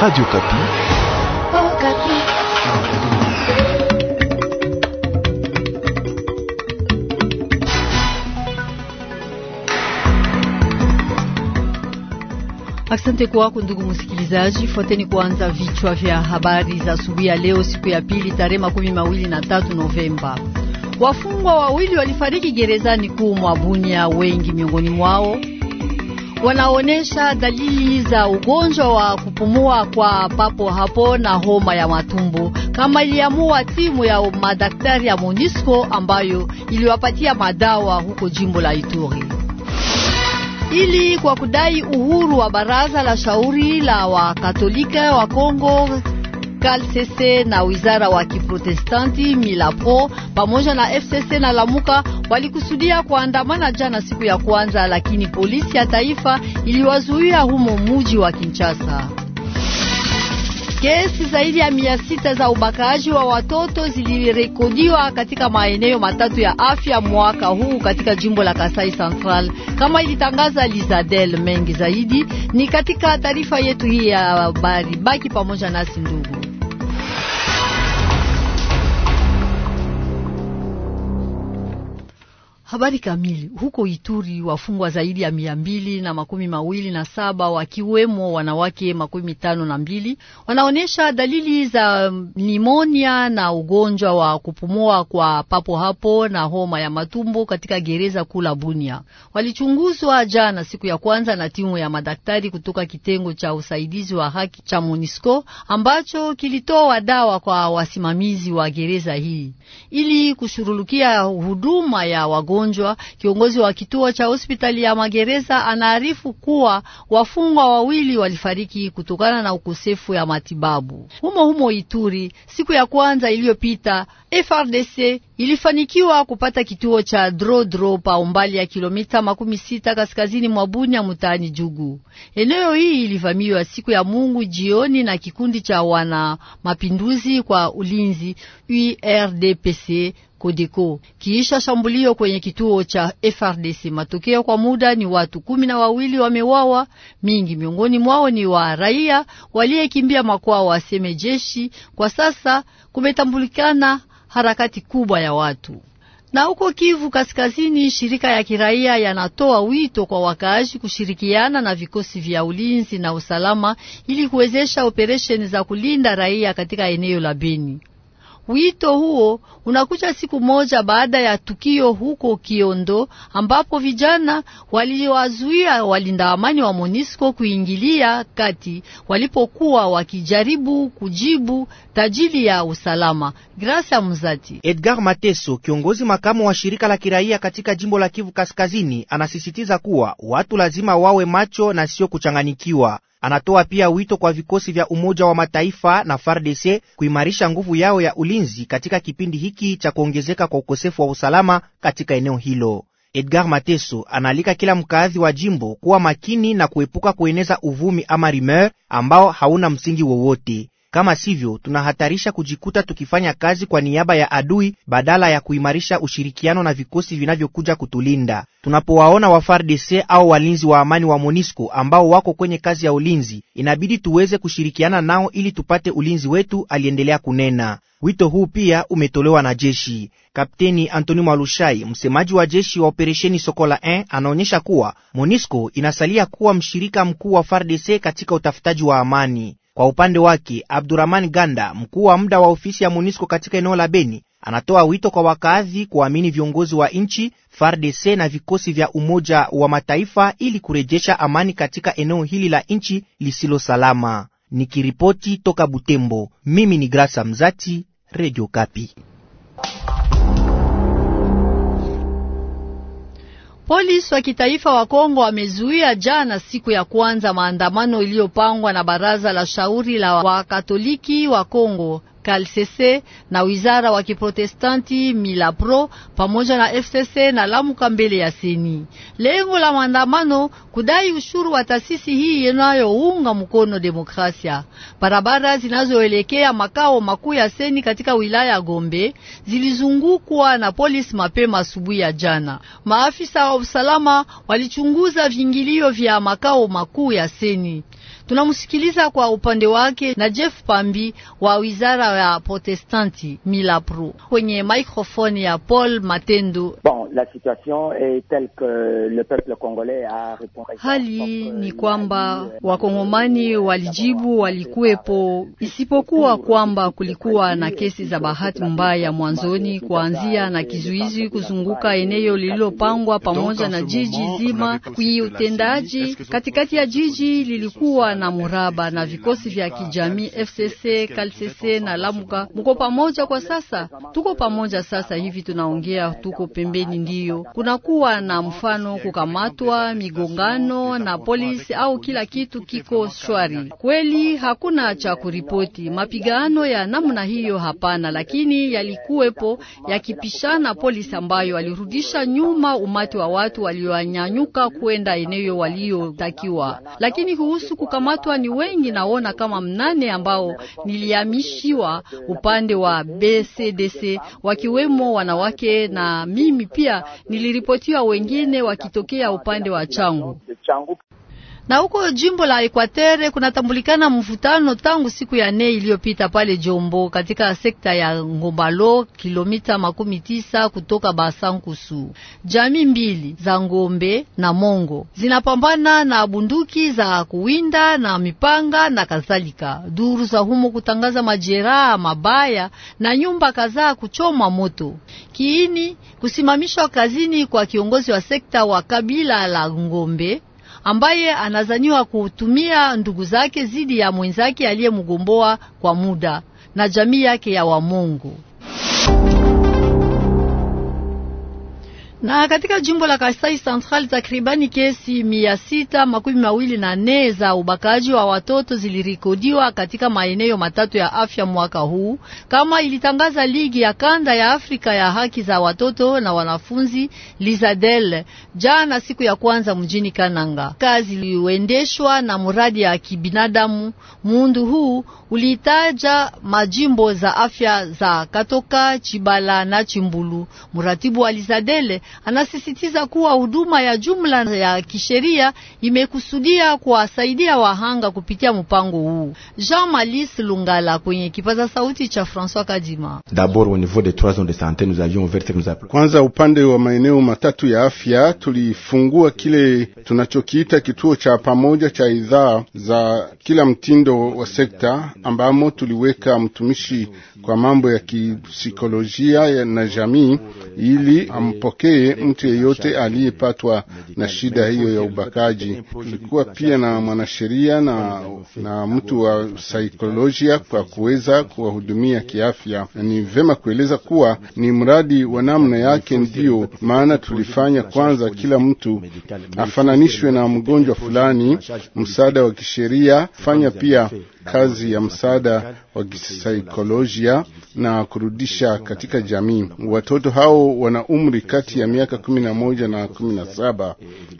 Radio Kapi. Oh, Kapi. Asante kwako ndugu msikilizaji, fuateni kuanza vichwa vya habari za asubuhi ya leo, siku ya pili, tarehe makumi mawili na tatu Novemba. Wafungwa wawili walifariki gerezani kuu mwa Bunia, wengi miongoni mwao wanaonyesha dalili za ugonjwa wa kupumua kwa papo hapo na homa ya matumbo, kama iliamua timu ya madaktari ya Monisco ambayo iliwapatia madawa huko jimbo la Ituri ili kwa kudai uhuru wa baraza la shauri la Wakatolika wa Kongo Pascal Sese na wizara wa Kiprotestanti Milapro pamoja na FCC na Lamuka walikusudia kuandamana jana siku ya kwanza, lakini polisi ya taifa iliwazuia humo muji wa Kinshasa. Kesi zaidi ya mia sita za ubakaji wa watoto zilirekodiwa katika maeneo matatu ya afya mwaka huu katika jimbo la Kasai Central kama ilitangaza Lizadel. Mengi zaidi ni katika taarifa yetu hii ya habari, baki pamoja nasi ndugu. Habari kamili. Huko Ituri wafungwa zaidi ya mia mbili na makumi mawili na saba wakiwemo wanawake makumi tano na mbili wanaonyesha dalili za nimonia na ugonjwa wa kupumua kwa papo hapo na homa ya matumbo katika gereza kula Bunia. Walichunguzwa jana siku ya kwanza na timu ya madaktari kutoka kitengo cha usaidizi wa haki cha monisco ambacho kilitoa dawa kwa wasimamizi wa gereza hii ili kushurulukia huduma ya wagonjwa wagonjwa. Kiongozi wa kituo cha hospitali ya magereza anaarifu kuwa wafungwa wawili walifariki kutokana na ukosefu ya matibabu. Humo humo Ituri, siku ya kwanza iliyopita, FRDC ilifanikiwa kupata kituo cha Drodro pa umbali ya kilomita makumi sita kaskazini mwa Bunya mutaani Jugu. Eneo hii ilivamiwa siku ya Mungu jioni na kikundi cha wana mapinduzi kwa ulinzi URDPC Kodeko kiisha shambulio kwenye kituo cha FRDC. Matokeo kwa muda ni watu kumi na wawili wamewawa, mingi miongoni mwao ni wa raia waliyekimbia makwao, aseme jeshi. Kwa sasa kumetambulikana harakati kubwa ya watu. Na huko Kivu Kaskazini, shirika ya kiraia yanatoa wito kwa wakaaji kushirikiana na vikosi vya ulinzi na usalama ili kuwezesha operesheni za kulinda raia katika eneo la Beni. Wito huo unakuja siku moja baada ya tukio huko Kiondo ambapo vijana waliwazuia walinda amani wa Monisco kuingilia kati walipokuwa wakijaribu kujibu tajili ya usalama. Grace Mzati. Edgar Mateso, kiongozi makamu wa shirika la kiraia katika jimbo la Kivu Kaskazini, anasisitiza kuwa watu lazima wawe macho na sio kuchanganyikiwa. Anatoa pia wito kwa vikosi vya Umoja wa Mataifa na FARDC kuimarisha nguvu yao ya ulinzi katika kipindi hiki cha kuongezeka kwa ukosefu wa usalama katika eneo hilo. Edgar Mateso anaalika kila mkazi wa jimbo kuwa makini na kuepuka kueneza uvumi ama rumeur ambao hauna msingi wowote. Kama sivyo, tunahatarisha kujikuta tukifanya kazi kwa niaba ya adui badala ya kuimarisha ushirikiano na vikosi vinavyokuja kutulinda. Tunapowaona wa FARDC au walinzi wa amani wa MONUSCO ambao wako kwenye kazi ya ulinzi, inabidi tuweze kushirikiana nao ili tupate ulinzi wetu, aliendelea kunena. Wito huu pia umetolewa na jeshi. Kapteni Antoni Mwalushai, msemaji wa jeshi wa operesheni Sokola 1, anaonyesha kuwa MONUSCO inasalia kuwa mshirika mkuu wa FARDC katika utafutaji wa amani. Kwa upande wake, Abdurahman Ganda, mkuu wa muda wa ofisi ya MONUSCO katika eneo la Beni, anatoa wito kwa wakazi kuamini viongozi wa nchi, FARDC na vikosi vya Umoja wa Mataifa ili kurejesha amani katika eneo hili la nchi lisilo salama. Nikiripoti toka Butembo, mimi ni Grasa Mzati, Radio Kapi. Polisi wa kitaifa wa Kongo wamezuia jana siku ya kwanza maandamano iliyopangwa na baraza la shauri la Wakatoliki wa Kongo. KLCC na wizara wa Kiprotestanti Milapro pamoja na FCC na Lamuka mbele ya seni. Lengo la maandamano kudai ushuru wa taasisi hii inayounga mkono demokrasia. Barabara zinazoelekea makao makuu ya seni katika wilaya ya Gombe zilizungukwa na polisi mapema asubuhi ya jana. Maafisa wa usalama walichunguza vingilio vya makao makuu ya seni. Tunamsikiliza kwa upande wake na Jeff Pambi wa wizara ya Protestanti Milapro kwenye mikrofoni ya Paul Matendu bon la situation est telle que le peuple congolais a répondu. Hali euh, ni kwamba euh, wakongomani euh, walijibu walikuwepo, isipokuwa kwamba kulikuwa na kesi za bahati mbaya mwanzoni, kuanzia na kizuizi kuzunguka eneo lililopangwa pamoja na jiji zima kiutendaji. Katikati ya jiji lilikuwa na muraba na vikosi vya kijamii FCC, KLCC na Lamuka. Mko pamoja kwa sasa, tuko pamoja sasa hivi tunaongea, tuko pembeni ndio kunakuwa na mfano kukamatwa, migongano na polisi au kila kitu kiko shwari kweli, hakuna cha kuripoti. Mapigano ya namna hiyo hapana, lakini yalikuwepo yakipishana polisi ambayo alirudisha nyuma umati wa watu walioanyanyuka kwenda eneo waliotakiwa. Lakini kuhusu kukamatwa, ni wengi, naona kama mnane ambao niliamishiwa upande wa BCDC wakiwemo wanawake na mimi pia pia niliripotiwa wengine wakitokea upande wa Changu. Na huko jimbo la Ekwatere kunatambulikana mvutano tangu siku ya nne iliyopita pale Jombo katika sekta ya Ngombalo kilomita makumi tisa kutoka Basankusu. Jamii mbili za Ngombe na Mongo zinapambana na bunduki za kuwinda na mipanga na kadhalika. Duru za humo kutangaza majeraha mabaya na nyumba kadhaa kuchoma moto. Kiini kusimamishwa kazini kwa kiongozi wa sekta wa kabila la Ngombe ambaye anazaniwa kutumia ndugu zake zidi ya mwenzake aliyemgomboa kwa muda na jamii yake ya Wamungu. Na katika jimbo la Kasai Central takribani kesi mia sita makumi mawili na nne za ubakaji wa watoto zilirikodiwa katika maeneo matatu ya afya mwaka huu, kama ilitangaza ligi ya kanda ya Afrika ya haki za watoto na wanafunzi Lizadel jana, siku ya kwanza mjini Kananga. Kazi iliendeshwa na mradi ya kibinadamu, muundo huu ulitaja majimbo za afya za Katoka, Chibala na Chimbulu. Mratibu wa Lizadel Anasisitiza kuwa huduma ya jumla ya kisheria imekusudia kuwasaidia wahanga kupitia mpango huu. Jean Malis Lungala kwenye kipaza sauti cha François Kadima. Kwanza, upande wa maeneo matatu ya afya tulifungua kile tunachokiita kituo cha pamoja cha idhaa za kila mtindo wa sekta, ambamo tuliweka mtumishi kwa mambo ya kipsikolojia na jamii ili ampokee ili mtu yeyote aliyepatwa na shida hiyo ya ubakaji. Tulikuwa pia na mwanasheria na, na mtu wa saikolojia kwa kuweza kuwahudumia kiafya. Ni vema kueleza kuwa ni mradi wa namna yake, ndiyo maana tulifanya kwanza kila mtu afananishwe na mgonjwa fulani, msaada wa kisheria fanya pia kazi ya msaada wa kisaikolojia na kurudisha katika jamii. Watoto hao wana umri kati ya miaka kumi na moja na kumi na saba.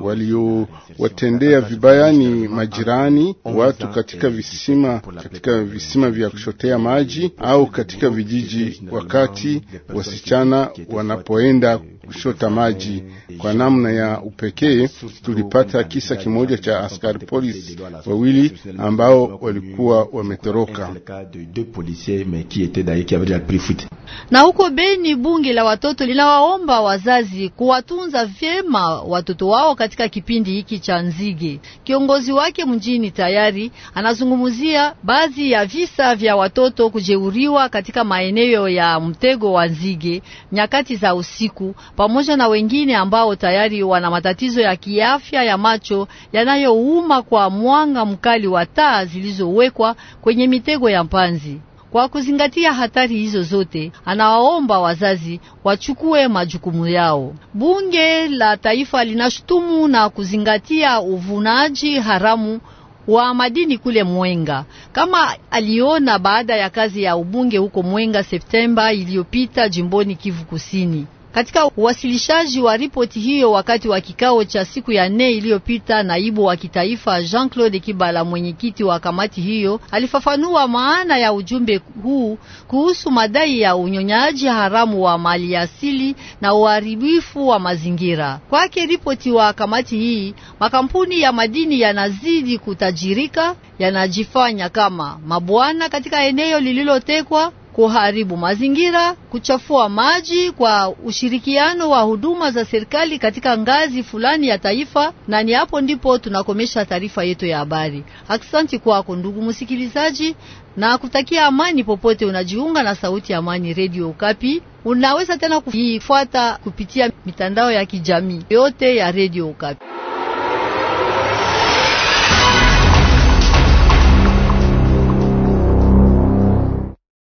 Waliowatendea vibaya ni majirani, watu katika visima, katika visima vya kuchotea maji au katika vijiji, wakati wasichana wanapoenda kushota maji kwa namna ya upekee. Tulipata kisa kimoja cha askari polisi wawili ambao walikuwa wametoroka. Na huko Beni, bunge la watoto linawaomba wazazi kuwatunza vyema watoto wao katika kipindi hiki cha nzige. Kiongozi wake mjini tayari anazungumzia baadhi ya visa vya watoto kujeuriwa katika maeneo ya mtego wa nzige nyakati za usiku pamoja na wengine ambao tayari wana matatizo ya kiafya ya macho yanayouma kwa mwanga mkali wa taa zilizowekwa kwenye mitego ya mpanzi. Kwa kuzingatia hatari hizo zote, anawaomba wazazi wachukue majukumu yao. Bunge la Taifa linashutumu na kuzingatia uvunaji haramu wa madini kule Mwenga, kama aliona baada ya kazi ya ubunge huko Mwenga Septemba iliyopita jimboni Kivu Kusini. Katika uwasilishaji wa ripoti hiyo wakati wa kikao cha siku ya nne iliyopita, naibu wa kitaifa Jean-Claude Kibala, mwenyekiti wa kamati hiyo, alifafanua maana ya ujumbe huu kuhusu madai ya unyonyaji haramu wa mali asili na uharibifu wa mazingira. Kwake ripoti wa kamati hii, makampuni ya madini yanazidi kutajirika, yanajifanya kama mabwana katika eneo lililotekwa kuharibu mazingira, kuchafua maji kwa ushirikiano wa huduma za serikali katika ngazi fulani ya taifa. Na ni hapo ndipo tunakomesha taarifa yetu ya habari. Aksanti kwako ndugu msikilizaji, na kutakia amani popote unajiunga na Sauti ya Amani Radio Ukapi. Unaweza tena kuifuata kupitia mitandao ya kijamii yote ya Radio Ukapi.